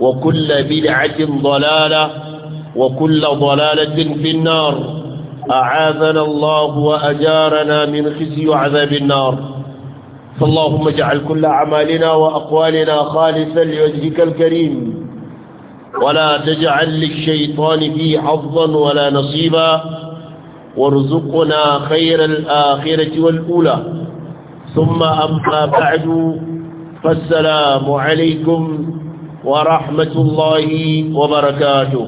وكل بدعة ضلالة وكل ضلالة في النار أعاذنا الله وأجارنا من خزي وعذاب النار فاللهم اجعل كل أعمالنا وأقوالنا خالصا لوجهك الكريم ولا تجعل للشيطان فيه حظا ولا نصيبا وارزقنا خير الآخرة والأولى ثم أما بعد فالسلام عليكم ورحمة الله وبركاته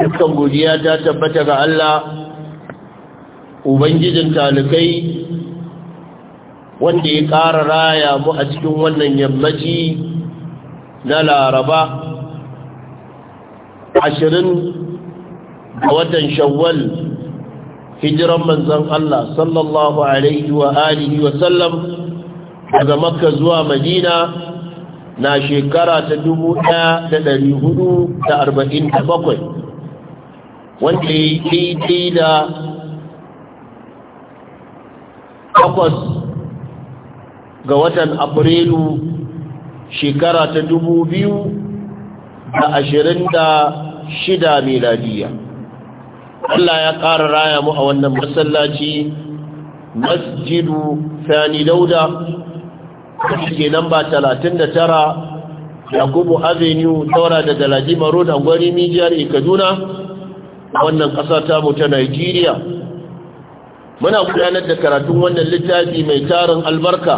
dukkan godiya ta tabbata ga Allah ubangijin talikai wanda ya ƙara raya mu a cikin wannan yammaci na laraba ashirin a watan shawwal hijiran manzon Allah sallallahu alaihi wa alihi wa sallam daga makka zuwa madina na shekara ta dubu ɗaya da hudu da arba'in da bakwai, wanda ya yi daidai da takwas ga watan afrilu shekara ta dubu biyu da ashirin da shida meladiya Allah ya ƙara raya mu a wannan masallaci masjidu sani dauda ke lamba tara yakubu avenue taura da galadima road angwari mijiyar kaduna wannan ƙasa ta ta nigeria muna gudanar da karatun wannan littafi mai tarin albarka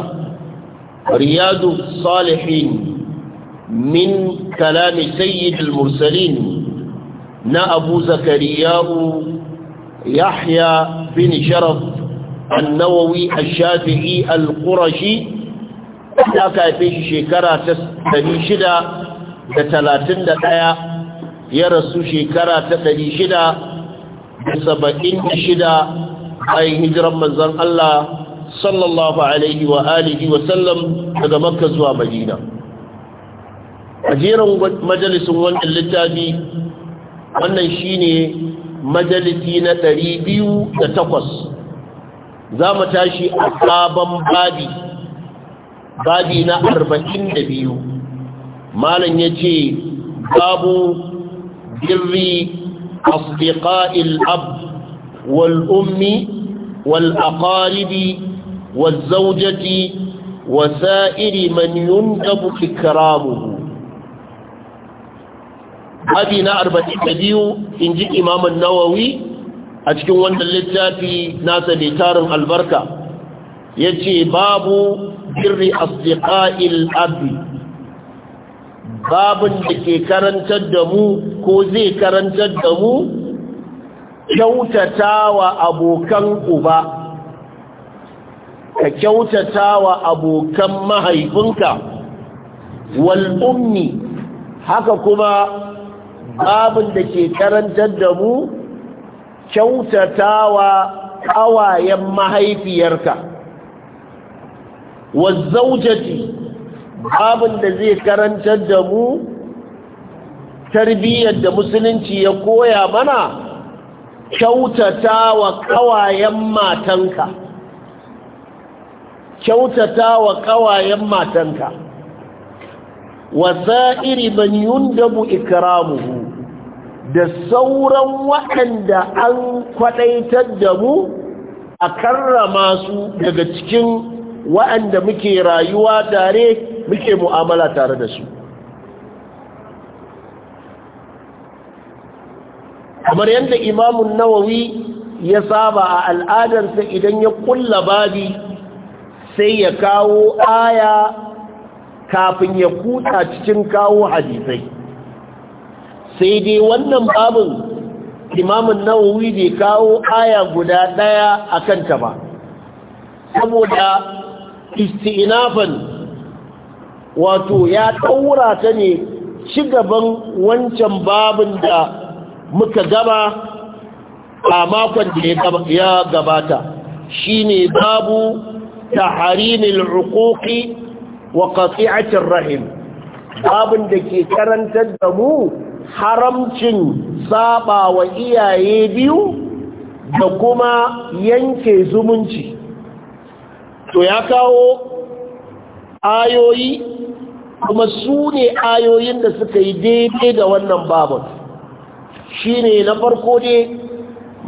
riyadu salihin min kalami al mursalin na abu zakariya'u yahya bin sharaf النووي al القرشي da aka haife shi shekara ta ɗaya ya rasu shekara ta ɗari shida da saba'in 676 bayan hijiran manzon Allah sallallahu alaihi wa alihi wa sallam daga makka zuwa madina a jerin majalisun wannan littafi wannan ne majalisi na ɗari biyu da takwas. za mu tashi a sabon babi babi na arba'in da biyu malam ya ce babu birri asdiqa'il ab wal ummi wal aqaribi wal zawjati wa sa'iri man yundabu ikramuhu babi na arba'in da biyu in ji imamun nawawi a cikin wannan littafi nasa mai tarin albarka ya ce babu birri asdiqa'il Abdi, babin da ke karantar da mu ko zai karantar da mu kyautata wa abokan uba ka kyautata wa abokan mahaifinka wal ummi haka kuma babin da ke karantar da mu kyautata wa ƙawayen mahaifiyarka wazzaujati zaujati babin da zai karantar da mu tarbiyyar da musulunci ya koya mana kyautata wa kawayen matanka kyautata wa kawayen matanka wa za'iri man yundabu ikramuhu da sauran waɗanda an kwaɗaitar da mu a karrama su daga cikin wa'anda muke rayuwa tare muke mu'amala tare da su kamar yadda imamun nawawi ya saba a al'adarsa idan ya kulla babi sai ya kawo aya kafin ya kuta cikin kawo hadisai sai dai wannan babin imamun nawawi bai kawo aya guda ɗaya a kanta ba saboda istinafan wato ya ɗaura ta ne ci gaban wancan babin da muka gaba a makon da ya gabata shine babu taharimil rukuki wa qati'atir rahim babin da ke karantar da mu haramcin saba iyaye biyu da kuma yanke zumunci to ya kawo ayoyi kuma su ne ayoyin da suka yi daidai da wannan babon shi ne na farko ne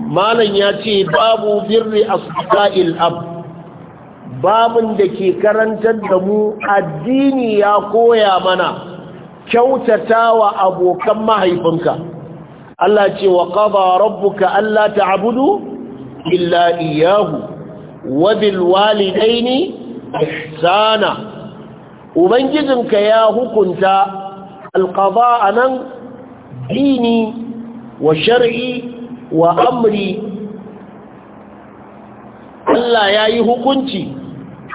malam ya ce babu birri a suka'il ab babin da ke karantar da mu addini ya koya mana kyautata wa abokan mahaifinka Allah ce wa ƙaba rabbuka ta ta'abudu illa iyahu. wa bil walidaini ihsana ubangijinka ya hukunta alqada anan dini wa shar'i wa amri Allah yayi hukunci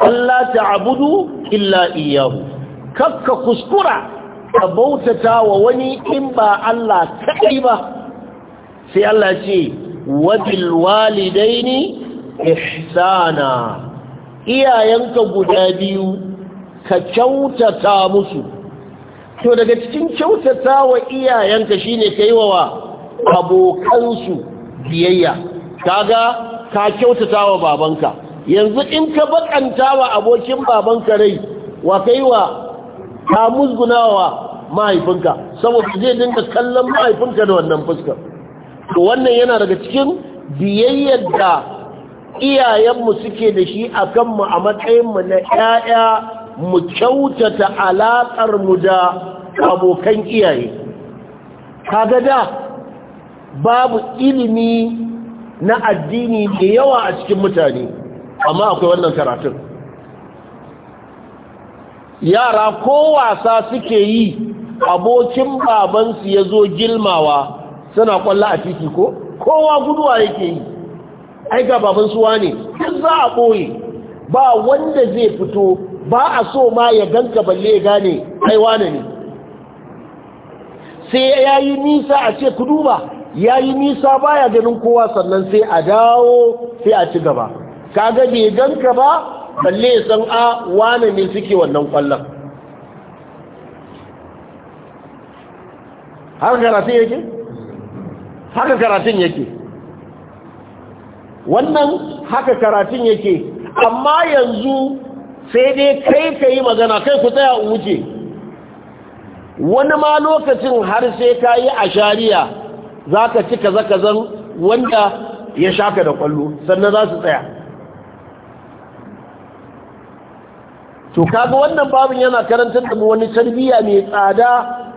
Allah ta'budu illa Kar ka kuskura ka bautata wa wani in ba Allah kaɗai ba sai Allah ce wabil walidaini ihsana iyayenka guda biyu ka kyautata musu to daga cikin kyautata wa iyayenka shine kai wa abokansu biyayya kaga ka kyautata wa babanka yanzu in ka bakanta wa abokin babanka rai wa kai wa ka musgunawa mahaifinka saboda zai dinga kallon mahaifinka da wannan fuskar to wannan yana daga cikin biyayyar da iyayenmu suke da shi a kanmu a matsayinmu na 'ya'ya mu kyautata alaƙarmu da abokan iyaye kaga da babu ilimi na addini da yawa a cikin mutane amma akwai wannan karatun yara ko wasa suke yi abokin babansu ya zo gilmawa suna ƙwallo a titi ko kowa guduwa yake yi ai ga baban suwa ne duk za a ɓoye ba wanda zai fito ba a so ma ya ganka balle ya gane aiwa ne sai ya yi nisa a ce ku duba ya yi nisa baya ganin kowa sannan sai a dawo sai a ci gaba kaga bai ganka ba balle san a wane ne suke wannan kwallon Haka karatun yake haka karatun yake wannan haka karatun yake amma yanzu sai dai kai ka yi magana kai ku tsaya wuce wani ma lokacin har sai ka yi a shari'a za ka ci kaza-kazan wanda ya shaka da kwallo sannan za su tsaya to kaga wannan babin yana karantar da wani tarbiyya mai tsada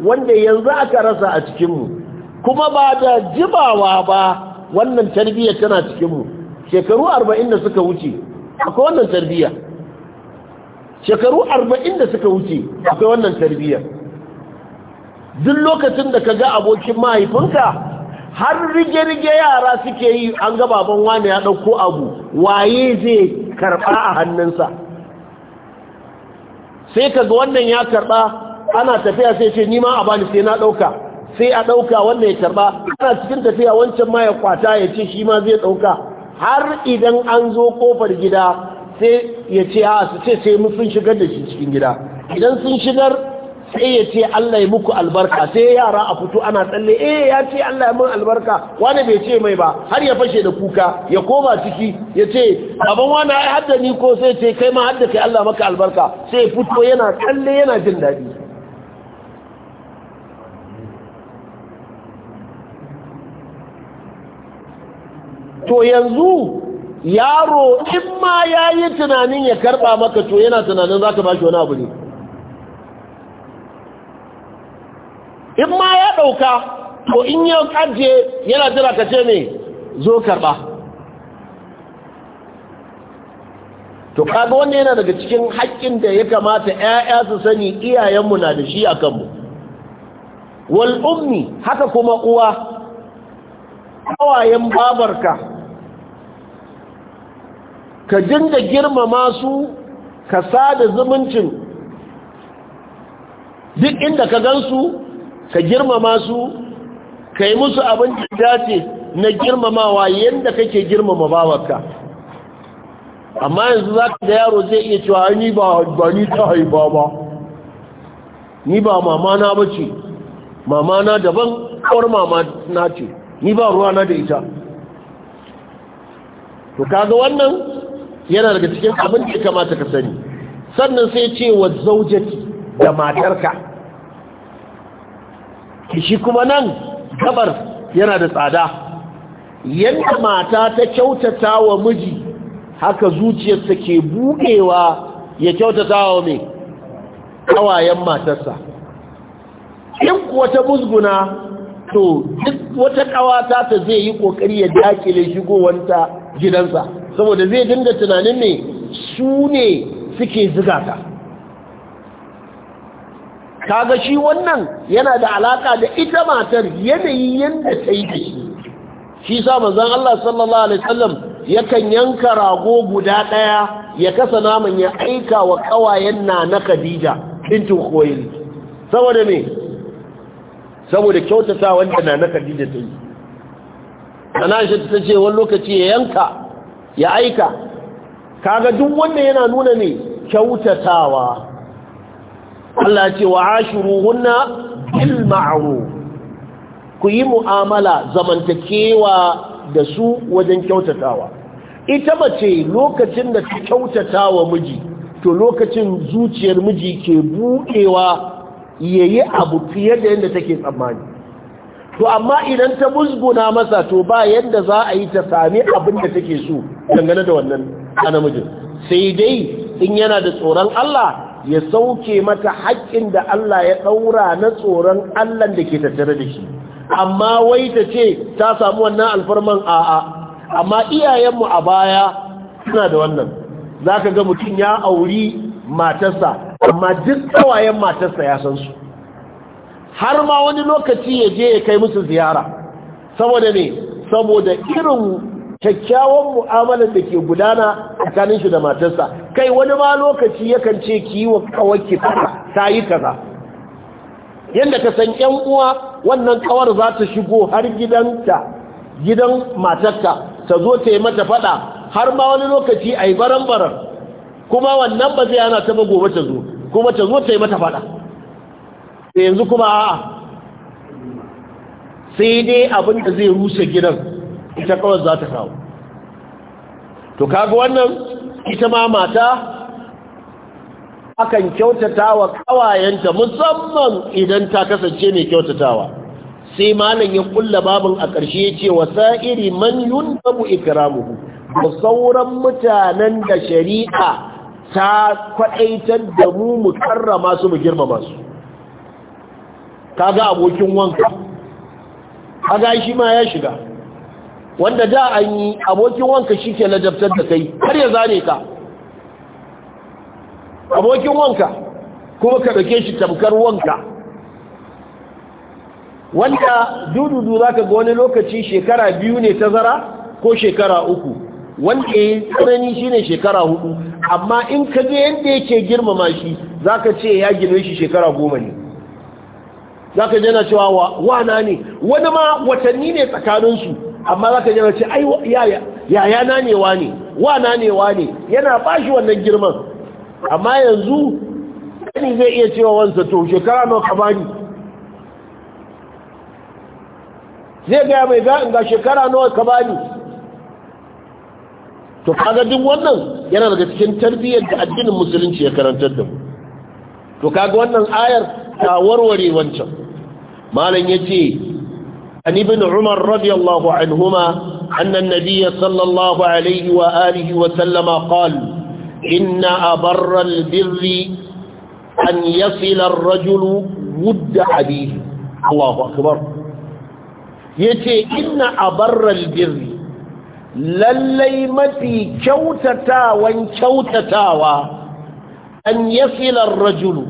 wanda yanzu aka rasa a cikinmu kuma ba da jibawa ba wannan tarbiyyar tana cikinmu shekaru arba'in da suka wuce akwai wannan tarbiyya shekaru arba'in da suka wuce akwai wannan tarbiyya duk lokacin da ka ga abokin mahaifinka har rige-rige yara suke yi an ga baban wani ya ɗauko abu waye zai karɓa a hannunsa sai kaga wannan ya karɓa ana tafiya sai ce nima a bani sai na ɗauka sai a ɗauka wannan ya karɓa ana cikin tafiya wancan ma ya kwata ya ce shi ma zai ɗauka har idan an zo kofar gida sai ya ce a ah, su ce sai sun shigar da shi cikin gida idan sun shigar sai ya ce Allah ya muku albarka sai yara a fito ana tsalle eh ya ce Allah ya mun albarka wani bai ce mai ba har ya fashe da kuka ya koma ciki ya ce abin wani ni ko sai ce kai ma hadda kai Allah maka albarka sai fito yana tsalle yana jin daɗi to yanzu yaro in ma ya yi tunanin ya karɓa maka to yana tunanin za ka bashi shi wani abu ne in ma ya ɗauka to in yi ajiye yana jira ka ce ne zo karba to kaga wanda yana daga cikin haƙƙin da ya kamata 'ya'ya su sani iyayenmu na da shi a kanmu wal haka kuma uwa kawayen babarka ka dinga girmama su ka sada zumuncin duk inda ka gansu ka girmama su ka yi musu abin da dace na girmamawa yadda kake girmama bawarka amma yanzu za ka da yaro zai iya cewa ni ba ni ta haifa ba ni ba mamana ba ce mamana daban kawar mamana ce ni ba ruwa na da ita to kaga wannan yana daga cikin abin da ya kamata ka sani sannan sai ce wa zaujati da matarka shi kuma nan gabar yana da tsada yadda mata ta kyautata wa miji haka zuciyarsa ke buɗewa ya kyautata wa mai kawayen matarsa in kuwa ta musguna to duk wata kawata ta zai yi ƙoƙari ya dakile shigowanta gidansa saboda zai dinga tunanin ne su ne suke ziga ta kaga shi wannan yana da alaka da ita matar yanayi yadda ta yi da shi shi sa manzon Allah sallallahu alaihi wasallam yakan yanka rago guda daya ya kasa naman ya aika wa kawayen na na Khadija bintu Khuwailid saboda me saboda kyautata wanda na Khadija ta yi ana shi ta ce wani lokaci ya yanka ya aika kaga duk wanda yana nuna ne kyautatawa Allah ce wa ashiruhunna bil ma'ruf ku yi mu'amala zamantakewa da su wajen kyautatawa ita mace lokacin da ta kyautatawa miji to lokacin zuciyar miji ke buɗewa yayi abu fiye da yadda take tsammani to amma idan ta musguna masa to ba yadda za a yi ta sami abin da take so dangane da wannan namijin sai dai in yana da tsoron Allah ya sauke mata haƙƙin da Allah ya ɗaura na tsoron Allah da ke tattare da shi amma wai ta ce ta samu wannan alfarman a'a amma iyayenmu a baya suna da wannan za ka ga mutum ya auri matarsa amma duk tsawayen matarsa ya san su har ma wani lokaci ya je ya kai musu ziyara saboda ne saboda irin kyakkyawan mu'amalar da ke gudana tsakanin shi da matarsa kai wani ma lokaci yakan ce ki yi wa kawarki ta yi kaza yadda ka san yan uwa wannan kawar za ta shigo har gidanta gidan matarka ta zo ta yi mata fada har ma wani lokaci a yi baran-baran kuma wannan ba zai ana taba gobe ta zo kuma ta zo ta yi mata fada sai yanzu kuma a'a sai dai abin da zai rushe gidan ita kawai za ta kawo to kaga wannan ita ma mata akan kyautatawa wa kawayenta musamman idan ta kasance mai kyautatawa sai malam ya kulla babin a ƙarshe ce wa sa'iri man yuntabu ikramuhu da sauran mutanen da shari'a ta kwaɗaitar da mu mu karrama su mu girmama su ga abokin wanka ga shi ma ya shiga wanda da an yi abokin wanka shi ke ladabtar da kai har ya zane ka abokin wanka kuma ka ɗauke shi tamkar wanka wanda dududu za ka ga wani lokaci shekara biyu ne ta zara ko shekara uku wanda ya yi tsanani shi ne shekara hudu amma in ka je yadda yake girmama shi za ka ce ya gino shi shekara goma ne za ka jana cewa wana ne wani ma watanni ne tsakaninsu amma za ka jana ce ai yaya na ne wa ne wana ne wa ne yana ba shi wannan girman amma yanzu kani zai iya cewa wansa to shekara nawa ka bani zai gaya mai ga shekara nawa ka bani to kaga duk wannan yana daga cikin tarbiyyar da addinin musulunci ya karantar da mu to kaga wannan ayar ta warware wancan malam yace an ibn umar radiyallahu anhuma alayhi wa صلى الله عليه وآله وسلم قال إن أبر البر أن يصل الرجل ود أبيه الله أكبر yace inna abarral birri lallai mafi kyautatawan kyautatawa an yasilar rajulu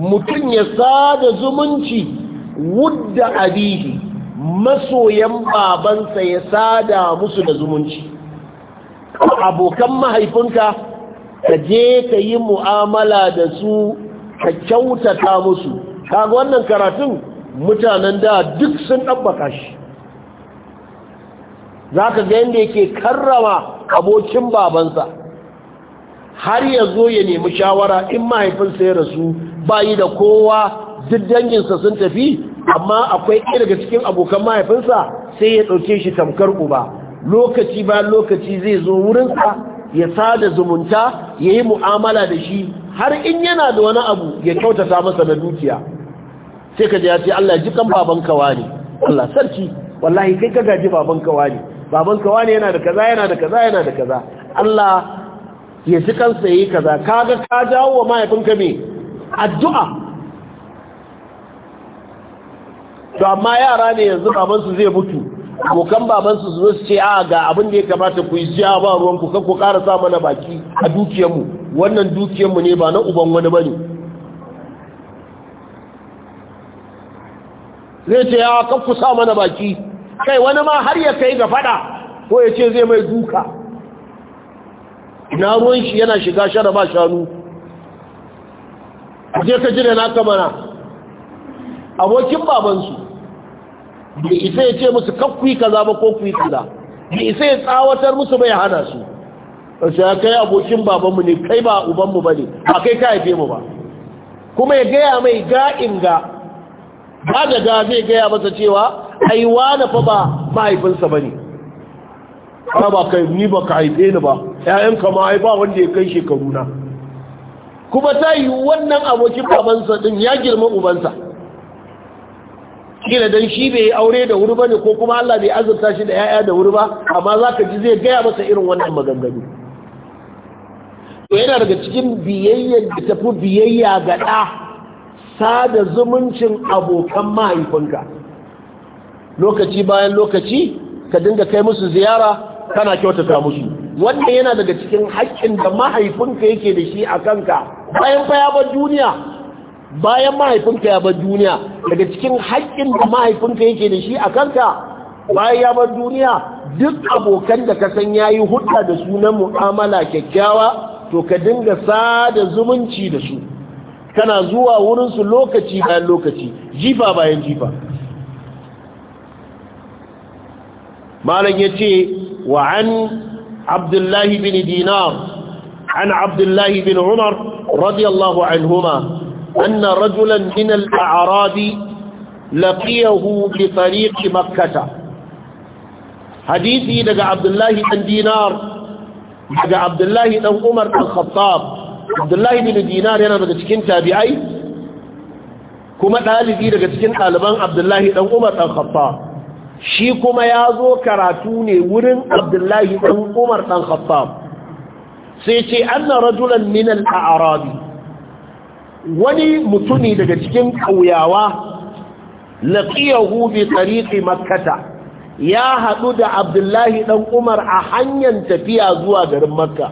mutum ya sada zumunci wudda abihi masoyan babansa ya sada musu da zumunci abokan mahaifinka ka je ka yi mu'amala da su ka kyautata musu kaga wannan karatun mutanen da duk sun ɗabbaka shi za ka ga yadda yake karrama abokin babansa har ya ya nemi shawara in mahaifinsa ya rasu bayi da kowa duk danginsa sun tafi amma akwai ɗaya daga cikin abokan mahaifinsa sai ya ɗauke shi tamkar uba lokaci ba lokaci zai zo wurinsa ya sada zumunta ya yi mu'amala da shi har in yana da wani abu ya kyautata masa na dukiya sai ka ya ce Allah ji kan baban kawa ne Allah sarki wallahi kai ka gaji baban kawa ne baban kawa ne yana da kaza yana da kaza yana da kaza Allah ya ji kansa yayi kaza kaga ka jawo wa mahaifinka me addu'a to amma yara ne yanzu babansu zai mutu abokan babansu su zo ce a ga abin da ya kamata ku yi jiya ba ruwan ku ku ƙara sa mana baki a mu wannan dukiyarmu ne ba na uban wani bane zai ce ya kan ku sa mana baki kai wani ma har ya kai ga fada ko ya ce zai mai duka na ruwan shi yana shiga shara ba shanu je ka jira na kamana abokin babansu Bi isa ya ce musu kakkuyi kaza ba ko kuyi kaza Bi isa ya tsawatar musu bai hana su sai ya kai abokin babanmu ne kai ba ubanmu ba ne ba kai ka haife mu ba kuma ya gaya mai ga'in ga ba da ga zai gaya masa cewa aiwa na fa ba mahaifinsa ba ne ba ba kai ni ba ka haife ni ba ƴaƴanka ma ai ba wanda ya kai shekaru na kuma ta yi wannan abokin babansa din ya girma ubansa kila dan shi bai aure da wuri bane ko kuma Allah bai azurta shi da yaya da wuri ba amma zaka ji zai gaya masa irin wannan maganganu to yana daga cikin biyayya da tafi biyayya ga da sada zumuncin abokan mahaifinka lokaci bayan lokaci ka dinga kai musu ziyara kana kyautata musu wannan yana daga cikin haƙƙin da mahaifinka yake da shi a kanka bayan fa ya bar duniya bayan mahaifinka ya bar duniya daga cikin haƙƙin da mahaifinka yake da shi a kanka bayan ya bar duniya duk abokan da ka san yayi hudda da su na mu'amala kyakkyawa to ka dinga sada zumunci da su kana zuwa wurin su lokaci bayan lokaci jifa bayan jifa malam yace wa an abdullahi bin dinar an abdullahi bin umar radiyallahu anhuma أن رجلا من الأعراب لقيه بطريق مكة حديثي لقى عبد الله بن دينار لقى عبد الله بن عمر بن الخطاب عبد الله بن دينار أنا بتكين تابعي كما تالذي لقى تكين ألبان عبد الله بن عمر بن الخطاب shi kuma ya zo karatu ne wurin abdullahi ɗan umar ɗan khattab sai ce an na rajulan minal arabi wani mutumi daga cikin kauyawa laqiyahu bi tariqi makkata ya haɗu da abdullahi ɗan umar a hanyar tafiya zuwa garin makka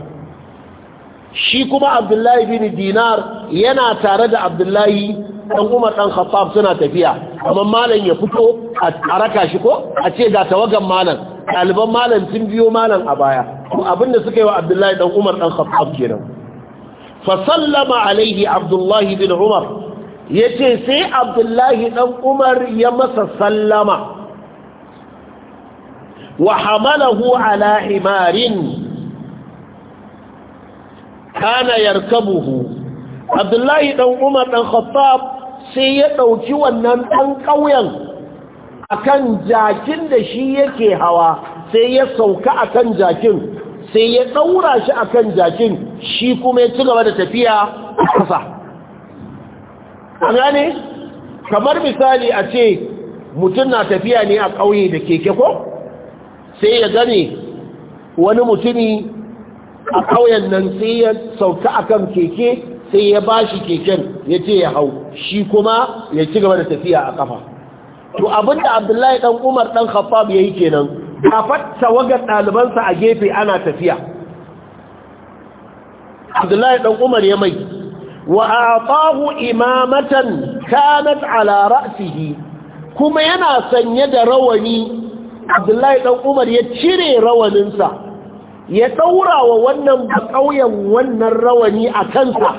shi kuma abdullahi bin dinar yana tare da abdullahi ɗan umar ɗan khattab suna tafiya amma malam ya fito a raka shi ko a ce ga tawagan malam ɗaliban malam sun biyo malam a baya abinda suka yi wa abdullahi ɗan umar ɗan khattab kenan fasallama alaihi abdullahi bin umar ya ce sai abdullahi ɗan umar ya masa sallama wa hamalahu ala himarin kana yarkabuhu abdullahi ɗan umar ɗan khattab sai ya ɗauki wannan ɗan ƙauyen akan jakin da shi yake hawa sai ya sauka akan jakin sai ya ɗaura shi a kan jakin shi kuma ya ci gaba da tafiya a ƙasa an gane kamar misali a ce mutum na tafiya ne a ƙauye da keke ko sai ya gane wani mutumi a ƙauyen nan sai ya sauka kan keke sai ya ba shi keken ya ce ya hau shi kuma ya ci gaba da tafiya a ƙafa to abinda abdullahi ɗan umar ɗan khattab ya yi kenan gafat tawagar ɗalibansa a gefe ana tafiya abdullahi ɗan umar ya mai wa atahu imamatan kanat ala ra'sihi kuma yana sanye da rawani abdullahi ɗan umar ya cire rawaninsa ya ɗaura wa wannan ƙauyen wannan rawani a kansa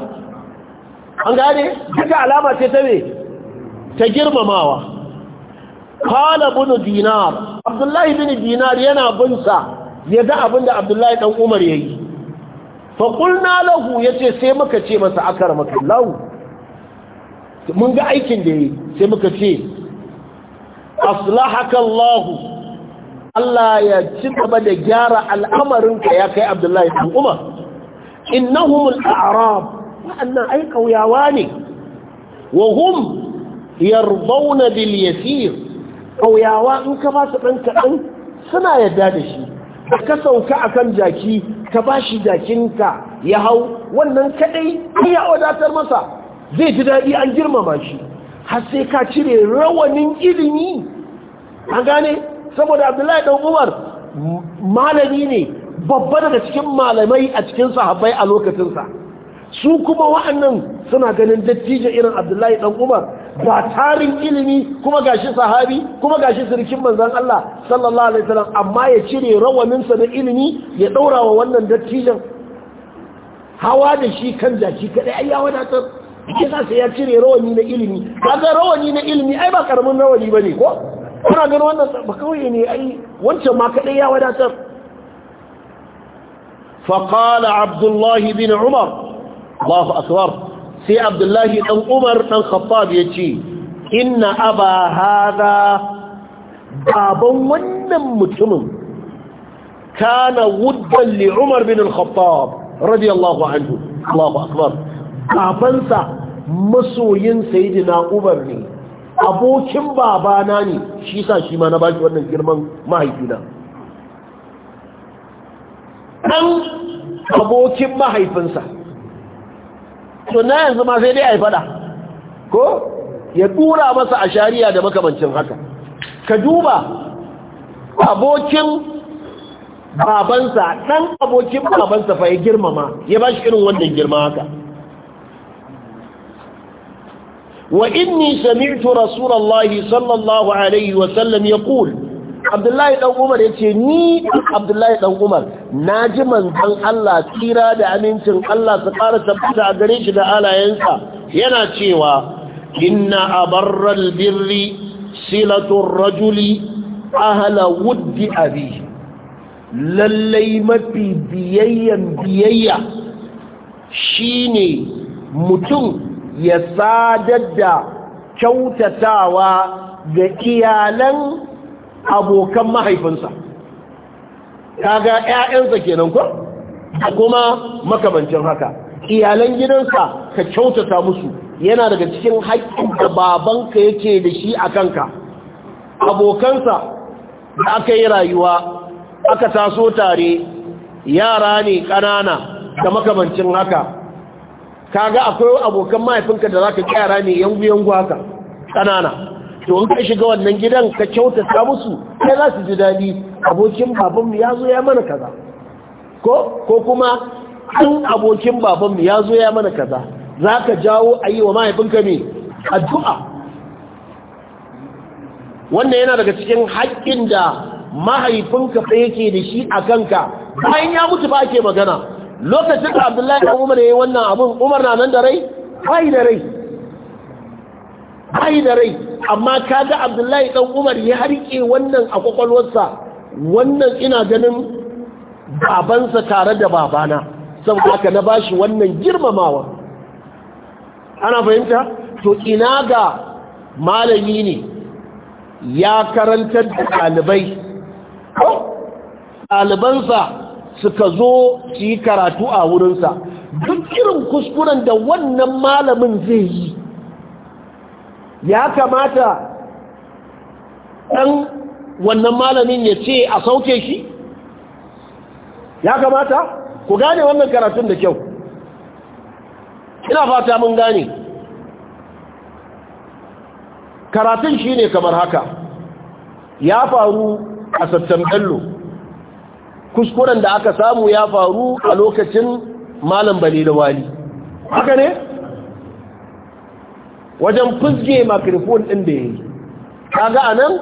an gane duka alama ce ta ne ta girmamawa kala bin dinar abdullahi bin dinar yana binsa ya ga abin da abdullahi dan umar yayi fa qulna lahu yace sai muka ce masa akar maka lahu mun ga aikin da yayi sai muka ce aslahaka allah Allah ya ci gaba da gyara al'amarinka ya kai Abdullahi Ɗan Umar innahum al-a'rab wa'annan ai kauyawa ne wa hum yardawna bil yasir ƙauyawa in ka ba su ɗan kaɗan suna yadda da shi da ka sauka a kan jaki ka ba shi jakinka ya hau wannan kaɗai ai ya wadatar masa zai ji daɗi an girmama shi har sai ka cire rawanin ilimi an gane saboda abdullahi ɗan umar malami ne babba daga cikin malamai a cikin sahabbai a lokacinsa su kuma wa'annan suna ganin dattijo irin abdullahi ɗan umar Ba tarin ilimi kuma gashi sahabi kuma gashi sirkin manzon Allah sallallahu alaihi wasallam amma ya cire rawanin na ilimi ya daura wa wannan dattijan hawa da shi kan jaki kadai ai ya wadatar sa sai ya cire rawani na ilimi kaga rawani na ilimi ai ba karamin rawani bane ko kuna ganin wannan ba kawai ne ai wancan ma kadai ya wadatar فقال عبد الله بن عمر الله أكبر sai abdullahi ɗan umar ɗan khattab ya ce inna aba hada baban wannan mutumin kana wuddan li umar bin al-khattab radiyallahu anhu Allahu akbar babansa masoyin sayyidina umar ne abokin babana ne shi sa shi ma na baki wannan girman mahaifina ɗan abokin mahaifinsa to na yanzu ma sai dai a yi fada ko ya tura masa a shari'a da makamancin haka ka duba abokin babansa ɗan abokin babansa fa ya girmama ya ba shi irin wannan girma haka wa inni sami'tu rasulullahi sallallahu alaihi wa sallam yaqul Abdullahi ɗan Umar yace ni Abdullahi ɗan Umar na ji manzon Allah tsira da amincin Allah su ƙara tabbata a gare shi da alayensa yana cewa inna abarral birri silatun rajuli ahla wuddi abi lallai mafi biyayyan biyayya shine mutum ya sadar da kyautatawa ga iyalan abokan mahaifinsa kaga ƴaƴansa kenan ko kuma makamancin haka iyalan gidansa ka kyautata musu yana daga cikin haƙƙin da babanka yake da shi a kanka abokansa da aka yi rayuwa aka taso tare yara ne ƙanana da makamancin haka kaga akwai abokan mahaifinka da za zaka yara ne yangu yangu haka ƙanana to in ka shiga wannan gidan ka kyautata musu sai za su ji daɗi abokin babanmu ya zo ya mana kaza ko ko kuma in abokin babanmu ya zo ya mana kaza za ka jawo a yi wa mahaifinka ne addu'a wannan yana daga cikin haƙƙin da mahaifinka fa yake da shi a kanka bayan ya mutu ba ke magana lokacin da abdullahi umar ya yi wannan abun. umar na nan da rai bai da rai bai da rai amma kaga abdullahi dan umar ya harke wannan a kwakwalwarsa wannan ina ganin babansa tare da babana saboda haka na bashi wannan girmamawa ana fahimta to ina ga malami ne ya karantar da ɗalibai ɗalibansa suka zo su yi karatu a wurinsa duk irin kuskuren da wannan malamin zai yi ya kamata ɗan wannan malamin ya ce a sauke shi ya kamata ku gane wannan karatun da kyau ina fata mun gane karatun shi ne kamar haka ya faru a sattan kuskuren da aka samu ya faru a lokacin malam bali da wali haka ne wajen fusge makarfon ɗin da ya yi kaga a nan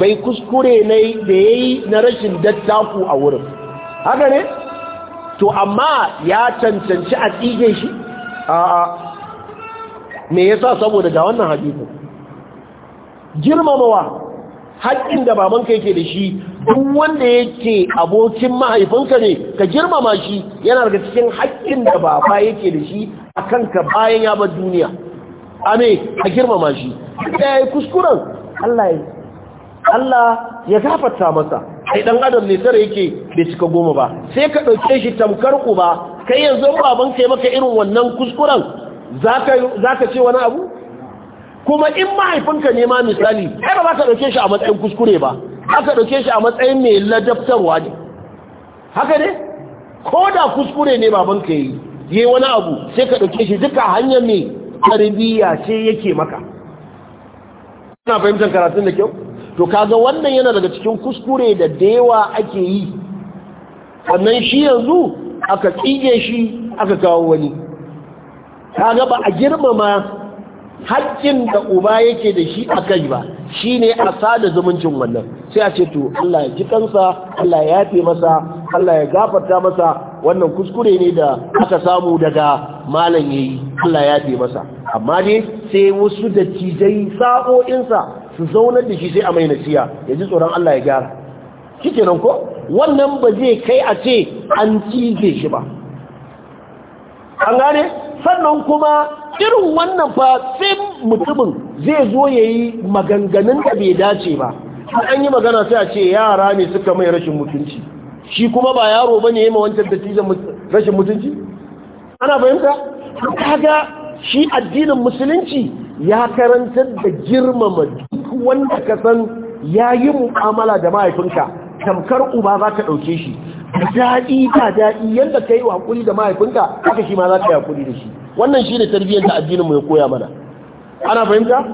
bai kuskure ne da ya yi na rashin dattaku a wurin haka ne to amma ya cancanci a tsige shi a me ya sa saboda ga wannan hadisin girmamawa haƙƙin da babanka yake da shi duk wanda yake abokin mahaifinka ne ka girmama shi yana daga cikin haƙƙin da baba yake da shi a kanka bayan ya bar duniya ame a girmama shi da kuskuren Allah ya Allah ya gafarta masa ai dan adam ne tare yake bai cika goma ba sai ka dauke shi tamkar ku ba kai yanzu baban kai maka irin wannan kuskuren zaka zaka ce wani abu kuma in mahaifinka ne ma misali ai ba ka dauke shi a matsayin kuskure ba ka dauke shi a matsayin mai ladabtarwa ne haka ne ko da kuskure ne baban kai yi yi wani abu sai ka dauke shi duka hanyar ne tarbiyya ce yake maka ina fahimtar karatun da kyau to kaga wannan yana daga cikin kuskure da dewa ake yi sannan shi yanzu aka tsige shi aka kawo wani kaga ba a girmama haƙƙin da uba yake da shi a kai ba shi ne a sada zumuncin wannan sai a ce to Allah ya ji kansa Allah ya yafe masa Allah ya gafarta masa wannan kuskure ne da aka samu daga malam yayi Allah ya yafe masa amma ne sai wasu dattijai sa'o'insa su zauna da shi sai a mai nasiya ya ji tsoron Allah ya gyara nan ko wannan ba zai kai a ce an cije shi ba an gane sannan kuma irin wannan fa sai mutumin zai zo ya yi maganganun da bai dace ba an yi magana sai a ce yara ne suka mai rashin mutunci shi kuma ba yaro ba ne ya mawancin wancan dattijan rashin mutunci ana fahimta kaga shi addinin musulunci ya karantar da girmama duk wanda ka san ya yi mu'amala da mahaifinka tamkar uba za ka ɗauke shi daɗi ba daɗi yadda ka yi wa hakuri da mahaifinka haka shi ma za ka yi hakuri da shi wannan shi ne tarbiyyar da addininmu ya koya mana ana fahimta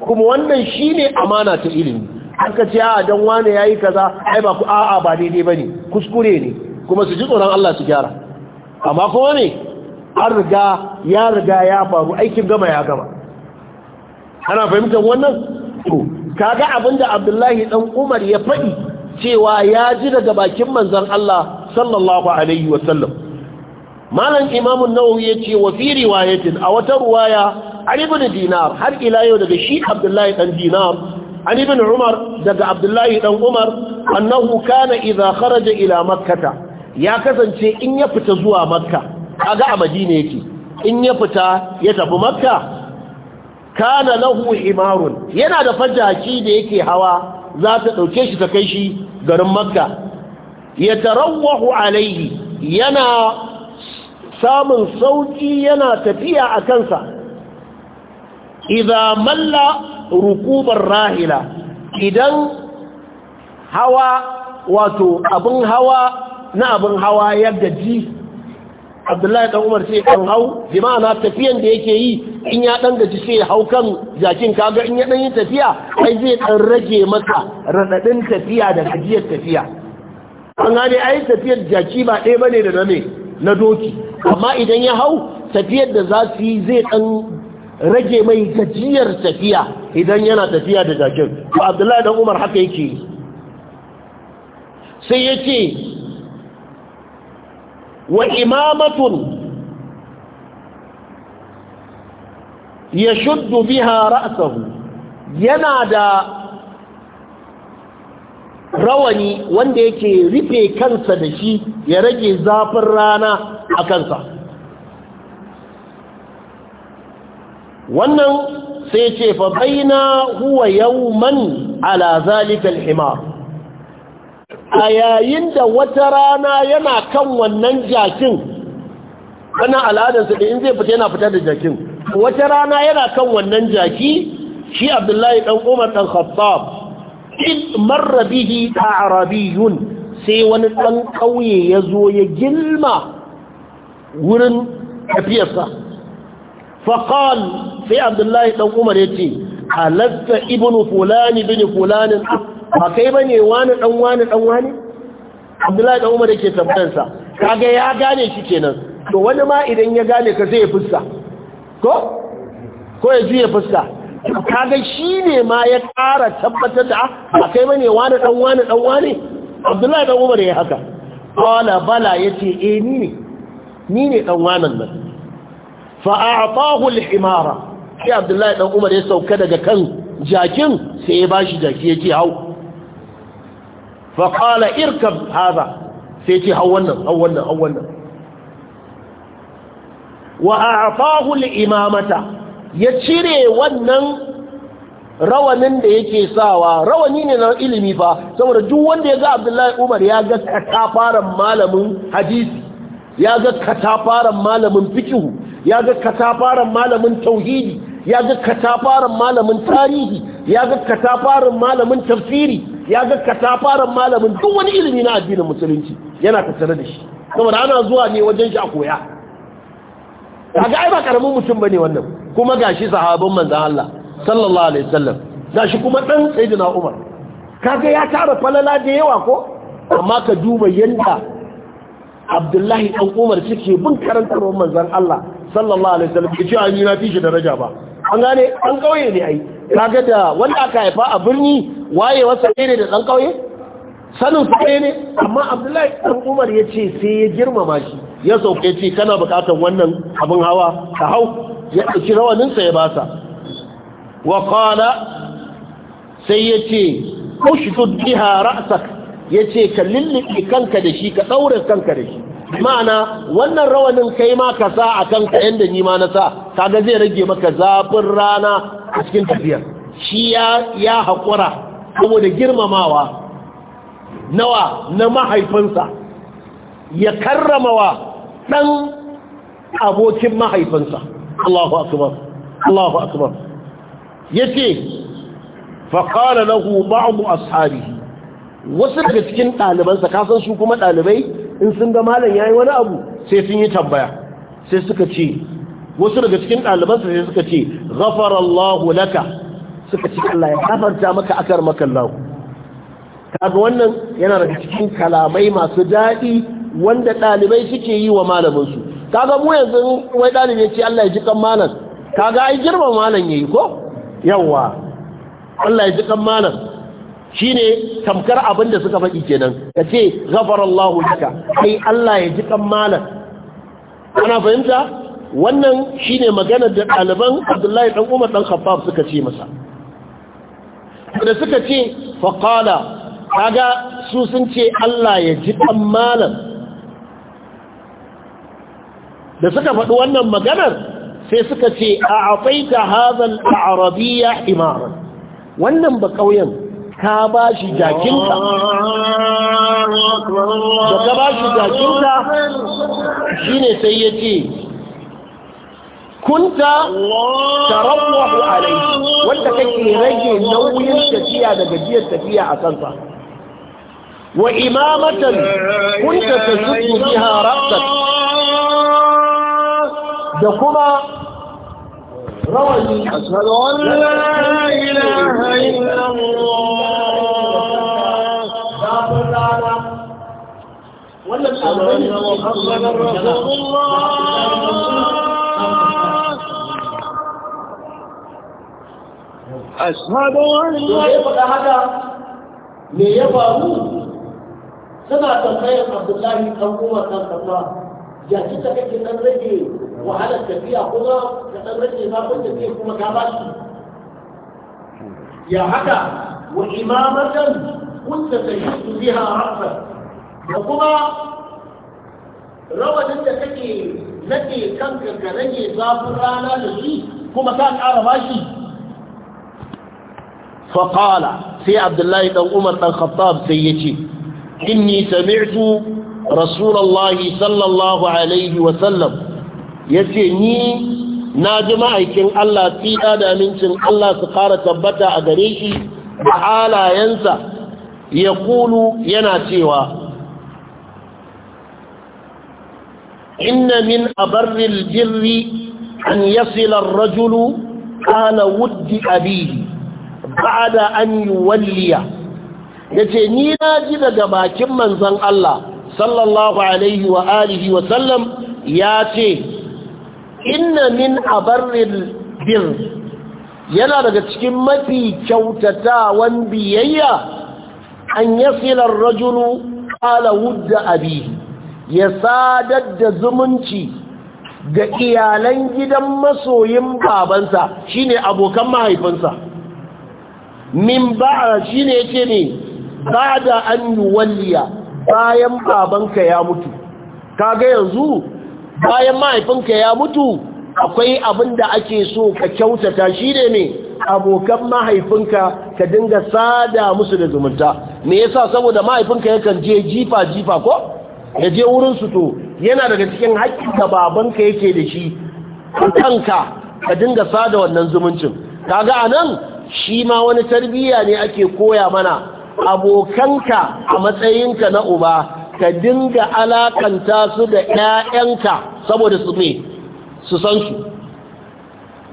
kuma wannan shi ne amana ta ilimi an ka ce a dan wane ya yi kaza ai ba ku a'a ba daidai ba ne kuskure ne kuma su ji tsoron Allah su gyara amma kuma ne an riga ya riga ya faru aikin gama ya gama ana fahimtar wannan to kaga abinda abdullahi dan umar ya faɗi cewa ya ji daga bakin manzon Allah sallallahu alaihi wasallam malam imam an ya yace wa fi riwayatin a wata riwaya an ibn dinar har ila yau daga shi abdullahi dan dinar an ibn umar daga abdullahi dan umar annahu kana idha kharaja ila makkah ya kasance in ya fita zuwa makka kaga a madina yake in ya fita ya tafi makka kana lahu himarun yana da fajaki da yake hawa za ta ɗauke shi ta kai shi garin makka ya tarawwahu alaihi yana samun sauƙi yana tafiya a kansa idan malla rukubar rahila idan hawa wato abin hawa na abin hawa ya gaji abdullahi dan umar sai ɗan hau bi ma'ana tafiyan da yake yi in ya dan gaji sai hau kan jakin kaga in ya dan yi tafiya ai zai dan rage masa radadin tafiya da gajiyar tafiya an gane ai tafiyar jaki ba ɗaya bane da name na doki amma idan ya hau tafiyar da za su yi zai ɗan rage mai gajiyar tafiya idan yana tafiya da jakin to abdullahi dan umar haka yake yi sai yace wa imamatun ya shuddu biha ra'sahu yana da rawani wanda yake rufe kansa da shi ya rage zafin rana a kansa wannan sai ce fa baina huwa yawman ala zalika al-himar a yayin da wata rana yana kan wannan jakin wannan al'adarsa da in zai fita yana fita da jakin wata rana yana kan wannan jaki shi abdullahi ɗan umar dan khattab in marra bihi arabiyun sai wani ɗan ƙauye ya zo ya gilma wurin tafiyarsa faqal sai abdullahi dan umar ce halatta ibnu fulani bin Fulani. ba kai ba ne wani ɗan wani ɗan wani abdullahi ɗan umar yake tabbansa kaga ya gane shi kenan to wani ma idan ya gane ka zai fuska ko ko ya juya fuska kaga shi ne ma ya ƙara tabbatar da ah, ba kai ba ne wani ɗan wani ɗan wani abdullahi ɗan umar ya haka ƙwala bala ya ce e ni ne ni ne ɗan nan fa'a'atahu al sai abdullahi ɗan umar ya sauka daga kan jakin sai ya bashi jaki ya ce hau fa irka haza sai ce hau wannan hau wannan hau wannan wa a afahu imamata ya cire wannan rawanin da yake sawa rawani ne na ilimi ba saboda duk wanda ya ga Abdullahi Umar ya ga katafaran malamin hadisi ya ga katafaran malamin fikihu ya ga katafaran malamin tauhidi ya ga katafaran malamin tarihi ya ga katafaran malamin tafsiri ya ga katafaren malamin duk wani ilimi na addinin musulunci yana tattare da shi saboda ana zuwa ne wajen shi a koya kaga ai ba karamin mutum bane wannan kuma gashi sahabban manzan Allah sallallahu alaihi wasallam gashi kuma dan sayyidina Umar kaga ya tara falala da yawa ko amma ka duba yanda Abdullahi dan Umar suke bin karantarwar manzon Allah sallallahu alaihi wasallam kace ani na fi shi daraja ba an gane an kauye ne ai kaga da wanda aka haifa a birni wayewarsa ɗaya ne da ɗan kauye sanin su ne ne amma abdullahi ɗan umar ya ce sai ya girmama shi ya sauke ce kana buƙatar wannan abin hawa ka hau ya ɗauki rawaninsa ya basa wa sai ya ce ushtud biha ra'sak ce ka lillibi kanka da shi ka ɗaure kanka da shi ma'ana wannan rawanin kai ma ka sa a kanka yanda ni na sa kaga zai rage maka zafin rana a cikin tafiyar shi ya haƙura saboda girmamawa nawa na mahaifinsa ya karramawa ɗan abokin mahaifinsa Allahu akbar Allahu akbar yace fa qala lahu ba'd ashabihi wasu daga cikin ɗalibansa kasan su kuma ɗalibai in sun ga malam yayi wani abu sai sun yi tambaya sai suka ce wasu daga cikin ɗalibansa sai suka ce ghafarallahu laka suka ce Allah ya gafarta maka akar maka Allah kaga wannan yana daga cikin kalamai masu daɗi wanda ɗalibai suke yi wa malamin su kaga mu yanzu wai ɗalibi ya ce Allah ya ji kan malam kaga ai girma malam yayi ko yawa Allah ya ji kan malam shine tamkar abin da suka faɗi kenan kace ghafarallahu laka ai Allah ya ji kan malam ana fahimta wannan shine maganar da ɗaliban abdullahi ɗan umar ɗan khabbab suka ce masa da suka ce faƙala kaga su sun ce allah ya ji ɗan malam da suka faɗi wannan maganar sai suka ce a afaita hazan a arabiya imaran wannan ba ƙauyen ka ba shi jakinta, da ka ba shi jakinta shi ne sai ya ce كنت تروح عليه وانت كنت رجع نوي التسيع دجية التسيع أسلطة وإمامة كنت تشد بها رأسك دقما روي أشهد أن لا إله إلا الله ولا الله ashhadu ya faɗa haka? me ya faru suna tambayar abdullahi kan kuma kan kafa ya ci ta kake dan rage wahalar tafiya kuma ka dan rage zafin tafiya kuma ka ba shi ya haka wa imamatan kunta tahidu biha rabba da kuma rawanin da kake nake kanka ka rage zafin rana da shi kuma ka ƙara bashi faƙala sai abdullahi ɗan umar ɗan khattab sai ya ce inni sami'tu rasulallahi sallallahu alaihi wasallam ya ce ni na ji ma'aikin Allah tsida da amincin Allah su ƙara tabbata a gare shi da halayensa ya kulu yana cewa inna min abarril jirri an yasilar rajulu ana wuddi abihi ba'da an yuwalliya yace ni na ji daga bakin manzon Allah sallallahu alaihi wa alihi wa sallam yace inna min abarril bir yana daga cikin mafi kyautatawan biyayya an yasila ar-rajulu ala wudda abihi ya sadar da zumunci ga iyalan gidan masoyin babansa shine abokan mahaifinsa min shi ne yake ne bada an walliya, bayan babanka ya mutu kaga yanzu bayan mahaifinka ya mutu akwai abin da ake so ka kyautata shi ne ne abokan mahaifinka ka dinga sada musu da zumunta me yasa saboda mahaifinka yakan je jifa jifa ko ya je wurin su to yana daga cikin haƙƙin da babanka yake da shi kanka ka dinga sada wannan zumuncin kaga anan shi ma wani tarbiyya ne ake koya mana abokanka a matsayinka na uba ka dinga alakanta su da 'ya'yanka saboda su ne su san su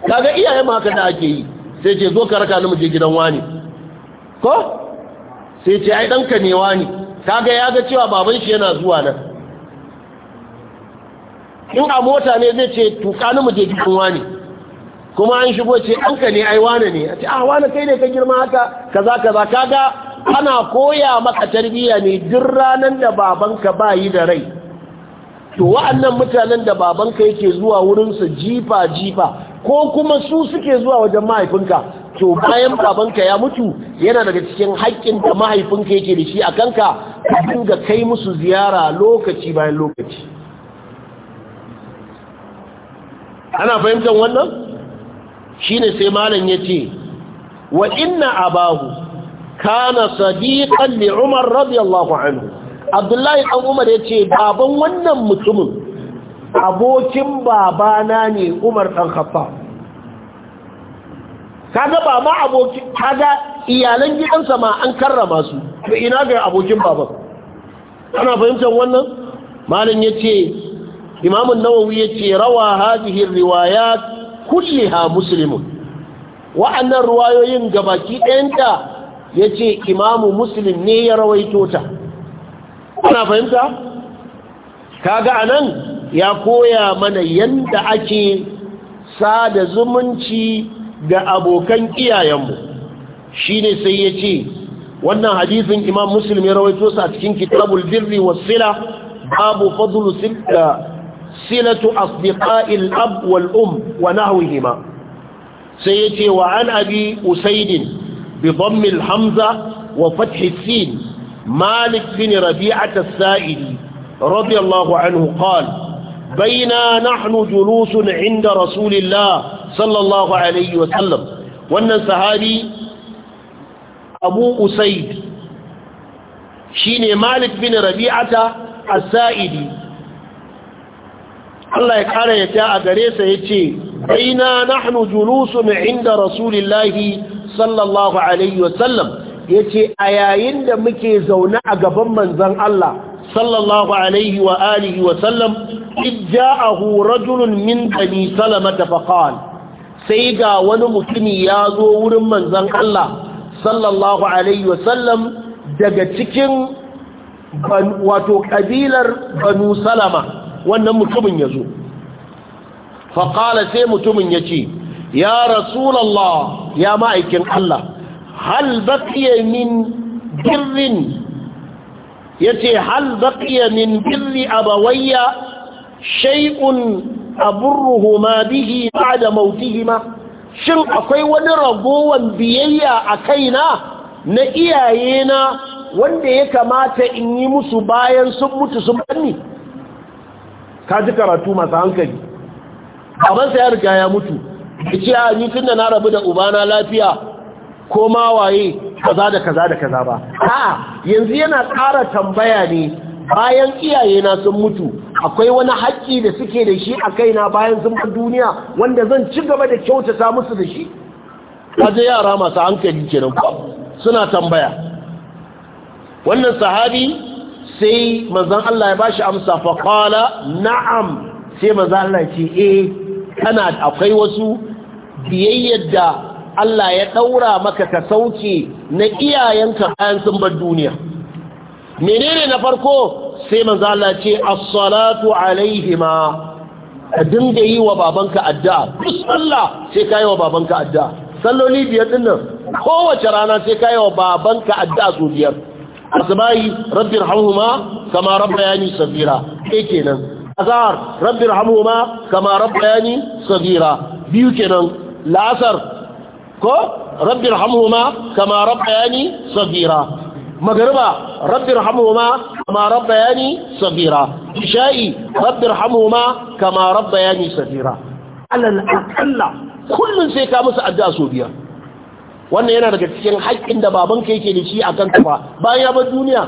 kaga iyayen ma haka da ake yi sai ce zo ka raka ni mu gidan wani ko sai ce ai danka ne wani kaga ya ga cewa baban shi yana zuwa nan in a mota ne zai ce tuka ni muje gidan wani kuma an shigo ce ka ne ai wane ne a ce ah wane kai ne ka girma haka kaza kaza kaga ana koya maka tarbiyya ne duk ranan da babanka ba yi da rai to wa'annan mutanen da babanka yake zuwa wurinsa jifa jifa ko kuma su suke zuwa wajen mahaifinka to bayan babanka ya mutu yana daga cikin haƙƙin da mahaifinka yake da shi a kanka ka dinga kai musu ziyara lokaci bayan lokaci ana fahimtar wannan shine sai malam yace wa inna abahu kana sadiqan li umar radiyallahu anhu abdullahi dan umar yace baban wannan mutumin abokin babana ne umar dan khattab kaga ba ma abokin kaga iyalan gidansa ma an karrama su to ina ga abokin baban ana fahimtar wannan malam yace imam an-nawawi yace rawa hadhihi riwayat kulliha musulmin, wa'annan ruwayoyin gabaki ɗayanta yace imamu muslim ne ya rawaito ta ana fahimta kaga anan ya koya mana yanda ake sada zumunci ga abokan iyayenmu shine sai yace wannan hadisin imam muslim ya rawaito sa cikin kitabul birri was sila babu fadlu sila صلة أصدقاء الأب والأم ونحوهما سيتي وعن أبي أسيد بضم الحمزة وفتح السين مالك بن ربيعة السائلي رضي الله عنه قال بينا نحن جلوس عند رسول الله صلى الله عليه وسلم وأن سهالي أبو أسيد شين مالك بن ربيعة السائلي Allah ya kara yadda a gare sa yace aina nahnu julusun inda rasulillahi sallallahu alaihi wasallam ce a yayin da muke zaune a gaban manzan Allah sallallahu alaihi wa alihi wa sallam ijja'ahu rajulun min bani salama faqal sai ga wani mutumi ya zo wurin manzan Allah sallallahu alaihi wa sallam daga cikin wato kabilar banu salama wannan mutumin ya zo faƙala sai mutumin ya ce ya rasulallah ya ma'aikin Allah hal baƙiya min birrin ya ce hal baƙiya min birri bawayya shai'un aburruhuma bihi ba da mautihima shin akwai wani ragowan biyayya a kaina na iyayena wanda ya kamata in yi musu bayan sun mutu sun banni ka ji karatu masu hankali babansa ya riga ya mutu da ce a ni tun da na rabu da ubana lafiya ko ma waye kaza da kaza da kaza ba a'a yanzu yana ƙara tambaya ne bayan iyaye na sun mutu akwai wani haƙƙi da suke da shi a kaina bayan sun bar duniya wanda zan ci gaba da kyautata musu da shi ji yara masu hankali kenan ko suna tambaya wannan sahabi sai manzan Allah ya bashi amsa faƙala na'am sai manzan Allah ce eh kana akwai wasu biyayyar da Allah ya ɗaura maka ka sauke na iyayenka bayan sun bar duniya menene na farko sai manzan Allah ce as-salatu alaihima ka dinga yi wa babanka addu'a duk sallah sai ka yi wa babanka addu'a salloli biyar dinnan kowace rana sai ka yi wa babanka addu'a su biyar asbahi rabbi irhamhuma kama rabbayani safira. kai kenan azhar rabbi irhamhuma kama rabbayani saghira biyu kenan la'asar ko rabbi irhamhuma kama rabbayani saghira magriba rabbi irhamhuma kama rabbayani saghira isha'i rabbi irhamhuma kama rabbayani saghira alal aqalla kullun sai ka musu addu'a so biyar wannan yana daga cikin haƙƙin da babanka yake da shi a kanka ba bayan ya bar duniya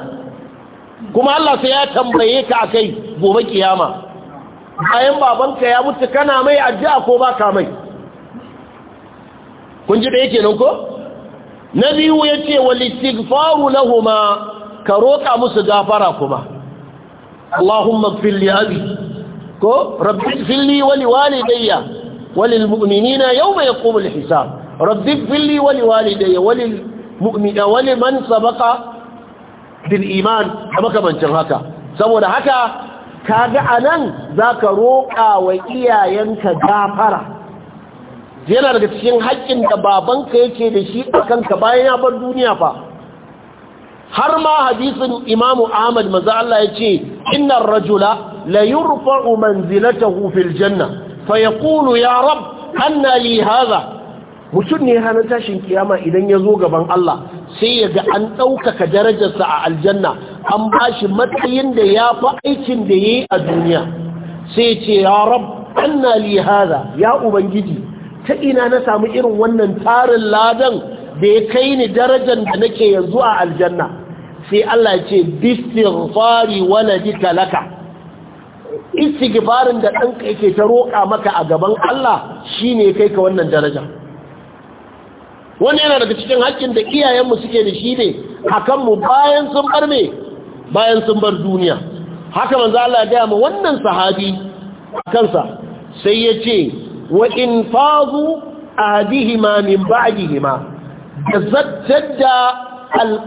kuma Allah sai ya tambaye ka a kai gobe kiyama bayan babanka ya mutu kana mai addu'a ko ba ka mai kun ji da yake nan ko na biyu wal istighfaru lahuma ka roƙa musu gafara kuma Allahumma ighfir li abi ko rabbi ighfir li wa li walidayya wa lil mu'minina yawma yaqumul hisab raddif billi wali walidayya wali mu'mina wali man sabaqa bil iman da makamancin haka saboda haka kaga anan zaka roƙa wa iyayenka gafara yana daga cikin haƙƙin da babanka yake da shi akan ka bayan ya bar duniya fa har ma hadisin imamu ahmad maza Allah ya ce innar rajula la yurfa'u manzilatahu fil janna fa yaqulu ya rab anna li hadha mutum ne ranar tashin kiyama idan ya zo gaban Allah sai ya ga an ɗaukaka darajarsa a aljanna an ba shi matsayin da ya fi aikin da ya yi a duniya sai ce ya rab anna li hada ya ubangiji ta ina na samu irin wannan tarin ladan da ya kai ni darajar da nake yanzu a aljanna sai Allah ya ce bistighfari waladika talaka. istighfarin da ɗanka yake ta roƙa maka a gaban Allah shine kai ka wannan daraja wani yana daga cikin haƙƙin da iyayenmu suke da shi ne a mu bayan sun bar bayan sun bar duniya haka manzo Allah ya gaya ma wannan sahabi kansa sai ya ce wa in fazu ahadihima min ba'dihima da zattar da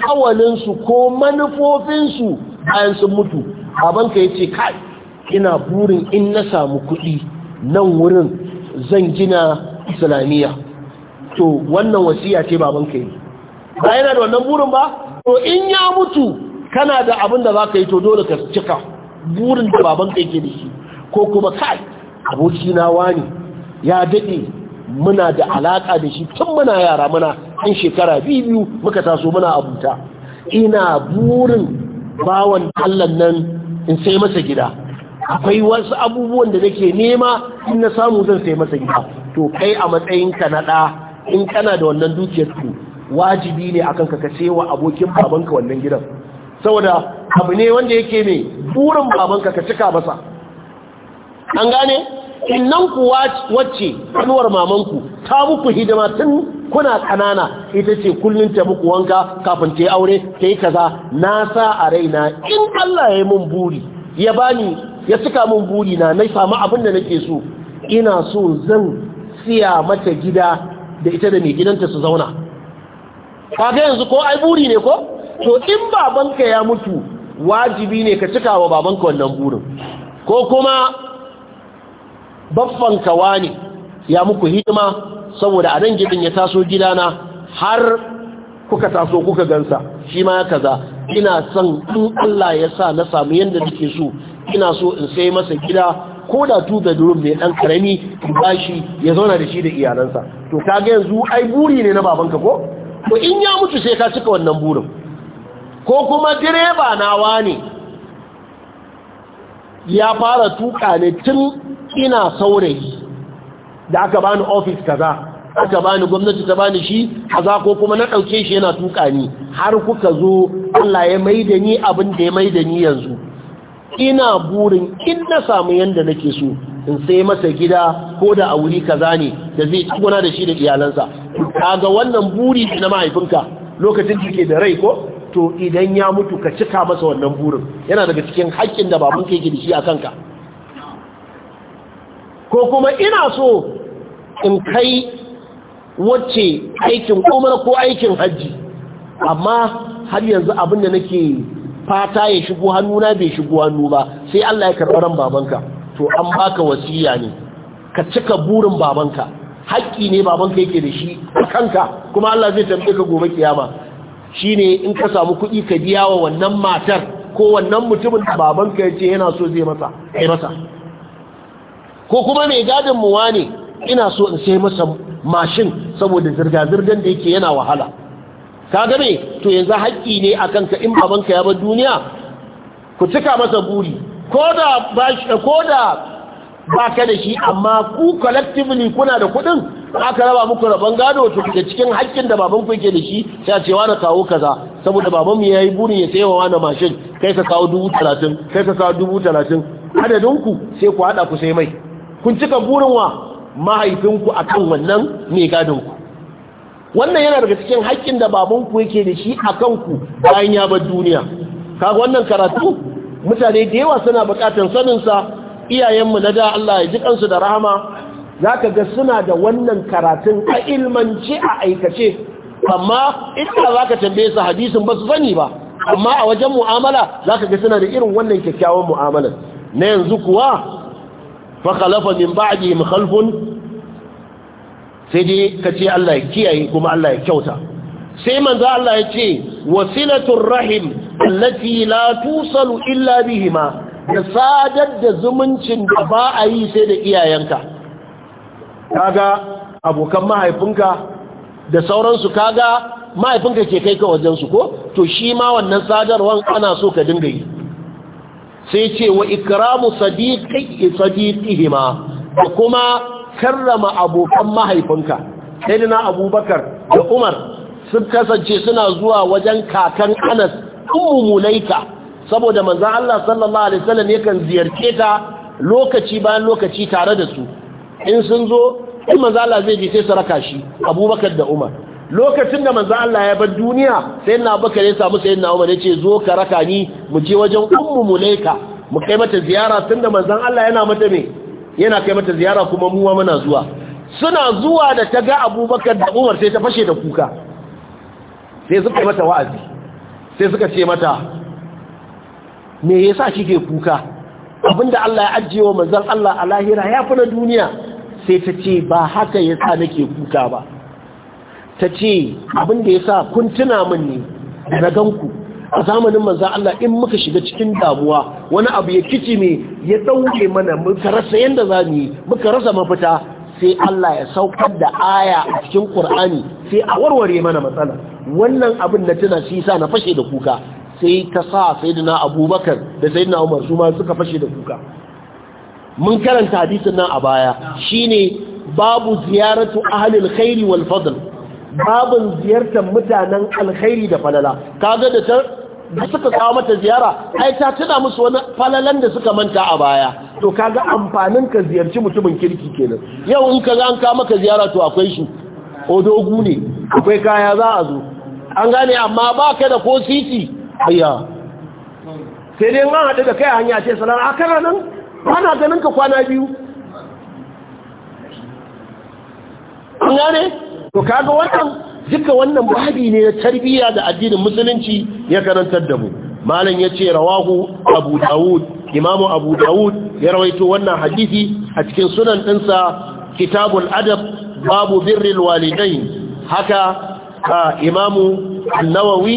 ko manufofinsu bayan sun mutu abanka ya ce kai ina burin in na samu kuɗi nan wurin zan gina islamiyya to wannan wasiya ce baban ka yi ba yana da wannan burin ba to in ya mutu kana da abin da za ka yi to dole ka cika burin da baban ka yake da shi ko kuma kai na wani ya daɗe muna da alaka da shi tun muna yara muna an shekara biyu muka taso muna abuta ina burin bawan Allah nan in sai masa gida akwai wasu abubuwan da nake nema in na samu zan sai masa gida to kai a matsayinka na da in kana da wannan dukiyar su wajibi ne akan ka kace wa abokin babanka wannan gidan saboda abu ne wanda yake ne burin babanka ka cika masa an gane innan ku wacce kanuwar mamanku ta muku hidima tun kuna kanana ita ce kullum ta muku wanka kafin ta yi aure ta yi kaza na sa a raina in Allah ya yi mun buri ya bani ya cika mun buri na na samu abin da nake so ina so zan siya mata gida da ita da mai gidanta su zauna kaga yanzu ko ai buri ne ko to in babanka ya mutu wajibi ne ka cika wa babanka wannan burin ko kuma baffanka wani ya muku hidima saboda a nan gidan ya taso gidana har kuka taso kuka gansa shi ma kaza ina son in Allah ya sa na samu yanda nake so ina so in sai masa gida ko da tu bedroom ne dan karami bashi ya zauna da shi da iyalansa to kaga yanzu ai buri ne na babanka ko to in ya mutu sai ka cika wannan burin ko kuma direba nawa ne ya fara tuka ne tun ina saurayi da aka bani office kaza aka bani gwamnati ta bani shi kaza ko kuma na dauke shi yana tuka ni har kuka zo Allah ya maida ni abin da ya maida ni yanzu ina burin in na samu yadda nake so in sai masa gida ko da a wuri kaza ne da zai tsuguna da shi da iyalansa kaga wannan buri na mahaifinka lokacin da ke da rai ko to idan ya mutu ka cika masa wannan burin yana daga cikin haƙƙin da babanka yake da shi a kanka ko kuma ina so in kai wacce aikin umar ko aikin hajji amma har yanzu abin da nake fata ya shigo hannuna bai shigo hannu ba sai Allah ya karɓi ran babanka to an baka wasiya ne ka cika burin babanka haƙƙi ne babanka yake da shi kanka kuma Allah zai tambaye ka gobe kiyama shine in ka samu kuɗi ka biya wa wannan matar ko wannan mutumin da babanka ya ce yana so zai masa ai masa ko kuma mai gadin muwa ne ina so in sai masa mashin saboda zirga-zirgan da yake yana wahala ka ga to yanzu haƙƙi ne a ka in babanka ya bar duniya ku cika masa buri ko da ba da ka da shi amma ku collectively kuna da kuɗin aka raba muku rabon gado to da cikin haƙƙin da babanku yake da shi sai a ce wani kawo kaza saboda babanmu ya yi burin ya sayawa wani mashin kai ka kawo dubu talatin kai ka kawo dubu talatin adadinku sai ku haɗa ku sai mai kun cika burin wa mahaifinku akan wannan mai gadonku wannan yana daga cikin haƙƙin da babanku yake da shi a kanku bayan ya bar duniya kaga wannan karatu mutane da yawa suna buƙatar saninsa iyayenmu na da Allah ya ji kansu da rahama za ka ga suna da wannan karatun a ilmance a aikace amma inda za ka tambaye su hadisin ba su sani ba amma a wajen mu'amala za ka ga suna da irin wannan kyakkyawan mu'amalar na yanzu kuwa fa khalafa min ba'dihim khalfun sai dai ka ce Allah ya kiyaye kuma Allah ya kyauta sai manzo Allah ya ce wasilatul rahim allati la tusalu illa bihima da sadar da zumuncin da ba a yi sai da iyayenka kaga abokan mahaifinka da sauransu kaga mahaifinka ke kai ka wajen su ko to shi ma wannan sadarwan ana so ka dinga yi sai ce wa ikramu sadiqi sadiqihima da kuma karrama abokan mahaifinka sai na abubakar da umar sun kasance suna zuwa wajen kakan anas ummu mulaika saboda manzan Allah sallallahu alaihi wasallam yakan ziyarce ta lokaci bayan lokaci tare da su in sun zo in manzan Allah zai je sai su raka shi abubakar da umar lokacin da manzan Allah ya bar duniya sai na abubakar ya samu sai na umar ya ce zo ka raka ni mu je wajen ummu mulaika mu kai mata ziyara tunda manzan Allah yana mata me yana kai mata ziyara kuma muwa muna zuwa suna zuwa da ta ga abubakar da umar sai ta fashe da kuka sai suka mata wa'azi sai suka ce mata me yasa kike kuka abinda Allah ya ajiye wa manzon Allah a lahira ya fi na duniya sai ta ce ba haka yasa nake kuka ba ta ce abinda yasa kun tuna min ne da na ganku a zamanin manzan Allah in muka shiga cikin damuwa wani abu ya kici ne ya ɗauke mana muka rasa yadda za mu yi muka rasa mafita sai Allah ya saukar da aya a cikin Kur'ani sai a warware mana matsala wannan abin na tana shi sa na fashe da kuka sai ta sa sayyidina Abubakar da sayyidina Umar su ma suka fashe da kuka mun karanta hadisin nan a baya shine babu ziyaratu ahlil khairi wal fadl babin ziyartar mutanen alkhairi da falala kaga da ta suka kawo mata ziyara ai ta tuna musu wani falalan da suka manta a baya to kaga amfanin ka ziyarci mutumin kirki kenan yau in kaga an ka maka ziyara to akwai shi odogu ne akwai kaya za a zo an gane amma ba ka da ko titi. ayya sai dai an haɗu da kai hanya ce salar a kana nan ana ganin ka kwana biyu an gane to kaga wannan duka wannan babi ne na tarbiyya da addinin musulunci ya karantar da mu malam yace rawahu abu daud imamu abu daud ya rawaito wannan hadisi a cikin sunan dinsa kitabul adab babu birril walidain haka imamu an-nawawi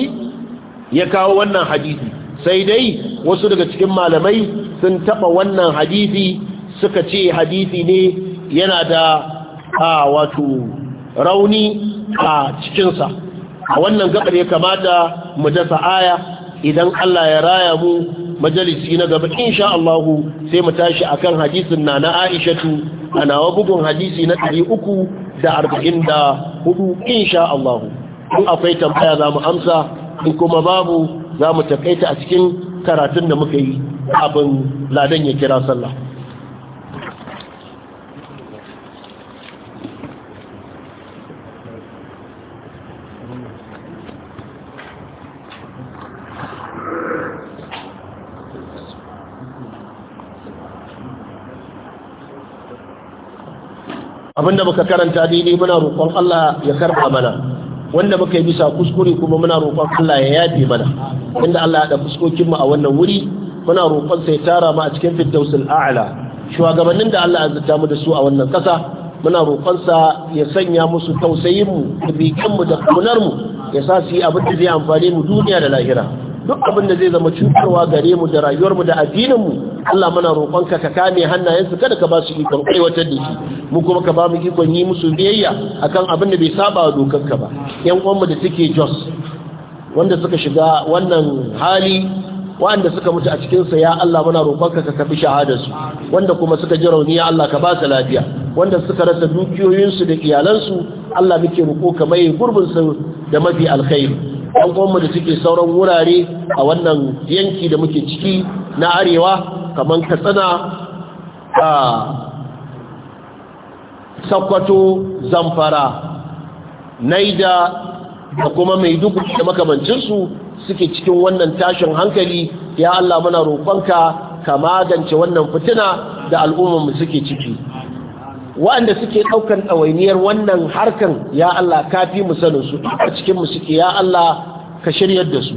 ya kawo wannan hadisi sai dai wasu daga cikin malamai sun taba wannan hadisi suka ce hadisi ne yana da wato rauni a cikinsa a wannan gabar ya kamata mu dasa aya idan Allah ya raya mu majalisi na gaba insha Allah sai mu tashi akan hadisin na na Aishatu ana wa bugun hadisi na 344 insha Allah in akwai tambaya za mu amsa in kuma babu za mu takaita a cikin karatun da muka yi abin ladan ya kira sallah abinda muka karanta daidai muna roƙon Allah ya karɓa mana wanda muka yi bisa kuskure kuma muna roƙon Allah ya yafe mana inda Allah ya da fuskokin mu a wannan wuri muna roƙon sai tara mu a cikin firdausul a'la shugabannin da Allah ya zata mu da su a wannan ƙasa muna roƙon sa ya sanya musu tausayin mu da bikin mu da kunar mu ya sa su yi abin da zai amfane mu duniya da lahira duk abin da zai zama cutarwa gare mu da rayuwar mu da addinin mu Allah muna roƙonka ka kame hannayensu kada ka ba su ikon aiwatar da shi mu kuma ka ba mu ikon yi musu biyayya akan abin da bai saba wa dokarka ba yan uwanmu da suke Jos wanda suka shiga wannan hali wanda suka mutu a cikinsa ya Allah muna roƙonka ka kafi su wanda kuma suka ji rauni ya Allah ka ba su lafiya wanda suka rasa dukiyoyinsu da iyalansu Allah muke roƙo ka mai gurbin su da mafi alkhairi ɗan uwanmu da suke sauran wurare a wannan yanki da muke ciki na arewa kamar katsina a sakwato zamfara naida da kuma mai maiduguri da makamancinsu suke cikin wannan tashin hankali ya Allah muna roƙonka ka magance wannan fitina da al'ummar mu suke ciki wa'anda suke ɗaukan ɗawainiyar wannan harkan ya Allah ka fi mu su a cikin mu suke ya Allah ka shiryar da su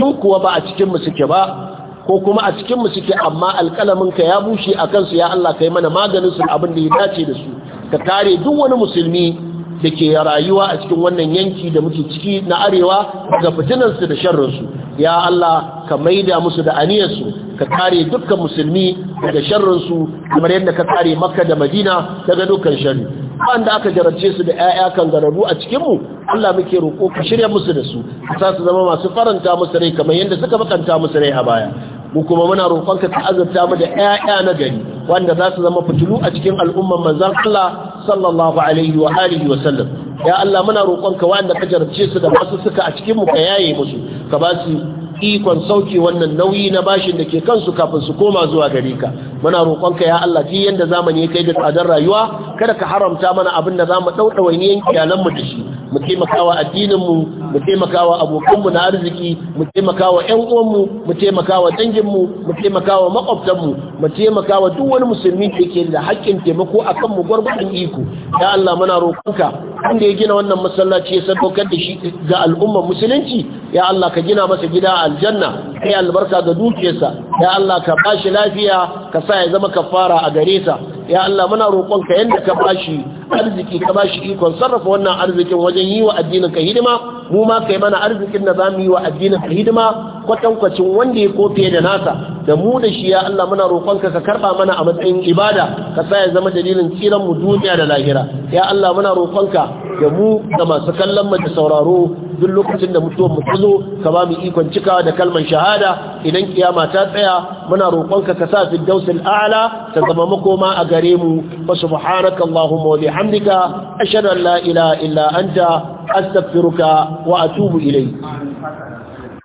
in kuwa ba a cikin mu suke ba ko kuma a cikin mu suke amma alƙalamin ka ya bushe a kansu ya Allah kai mana maganin su abin da ya dace da su ka kare duk wani musulmi da ke rayuwa a cikin wannan yanki da muke ciki na arewa daga fitinansu da sharrinsu ya Allah ka maida musu da aniyarsu ka kare dukkan musulmi daga sharrinsu kamar yadda ka kare makka da madina daga dukkan sharri wanda aka jarabce su da 'ya'ya kan gararru a cikinmu Allah muke roƙo ka shirya musu da su ka su zama masu faranta musu rai kamar yadda suka bakanta musu rai a baya mu kuma muna roƙon ka azurta mu da 'ya'ya na gari wanda za su zama fitilu a cikin al'umman manzon Allah sallallahu alaihi wa alihi wa sallam ya Allah muna roƙonka wanda ka jarabce su da masu suka a cikin mu ka yaye musu ka ba su ikon sauke wannan nauyi na bashin da ke kansu kafin su koma zuwa gare ka muna roƙonka ya Allah ji yanda zamani ya kai da tsadar rayuwa kada ka haramta mana abin da zamu daudawa ne yanki iyalan mu da shi mu taimakawa addininmu mu taimakawa abokanmu na arziki mu taimakawa ƴan uwanmu mu taimakawa danginmu mu taimakawa makwabtanmu mu taimakawa duk wani musulmi da yake da haƙƙin taimako akan mu gwargwadon iko ya Allah muna roƙonka wanda ya gina wannan masallaci ya sadaukar da shi ga al'ummar musulunci ya Allah ka gina masa gida a aljanna kai albarka ga dukiyarsa ya Allah ka bashi lafiya ka sa ya zama kafara a gare sa ya Allah muna roƙon ka yanda ka bashi arziki ka bashi ikon sarrafa wannan arzikin wajen yi wa addinin ka hidima mu ma kai mana arzikin da zamu yi wa addinin ka hidima kwatankwacin wanda ya kofiye da nasa da mu da shi ya Allah muna roƙon ka ka karba mana a matsayin ibada ka sa ya zama dalilin tsiran mu duniya da lahira ya Allah muna roƙon ka da mu da masu kallon mu da sauraro duk lokacin da mutuwar mu tazo ka ba mu ikon cika da kalman shahada idan kiyama ta tsaya muna roƙonka ka sa firdausul a'la ta zama makoma a gare mu wa subhanaka allahumma wa bihamdika ashhadu an la ilaha illa anta astaghfiruka wa atubu ilayk